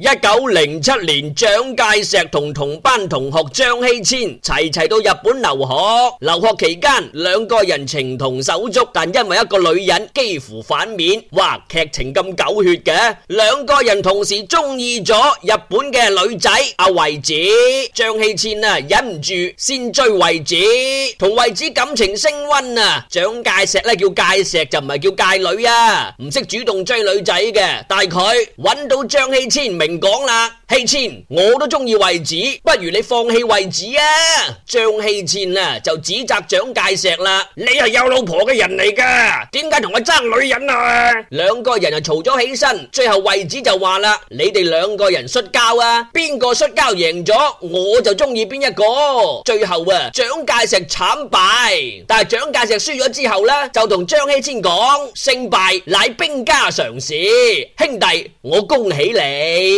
一九零七年，蔣介石同同班同學張希千齊齊到日本留學。留學期間，兩個人情同手足，但因為一個女人幾乎反面。哇，劇情咁狗血嘅，兩個人同時中意咗日本嘅女仔阿惠子。張希千啊，忍唔住先追惠子，同惠子感情升溫啊。蔣介石呢，叫介石就唔係叫介女啊，唔識主動追女仔嘅，但係佢搵到張希千未？唔講啦，希千，我都中意位子，不如你放棄位子啊！張希千啊，就指責蔣介石啦，你係有老婆嘅人嚟噶，點解同我爭女人啊？兩個人又嘈咗起身，最後位子就話啦：，你哋兩個人摔跤啊，邊個摔跤贏咗，我就中意邊一個。最後啊，蔣介石慘敗，但係蔣介石輸咗之後呢，就同張希千講：，勝敗乃兵家常事，兄弟，我恭喜你。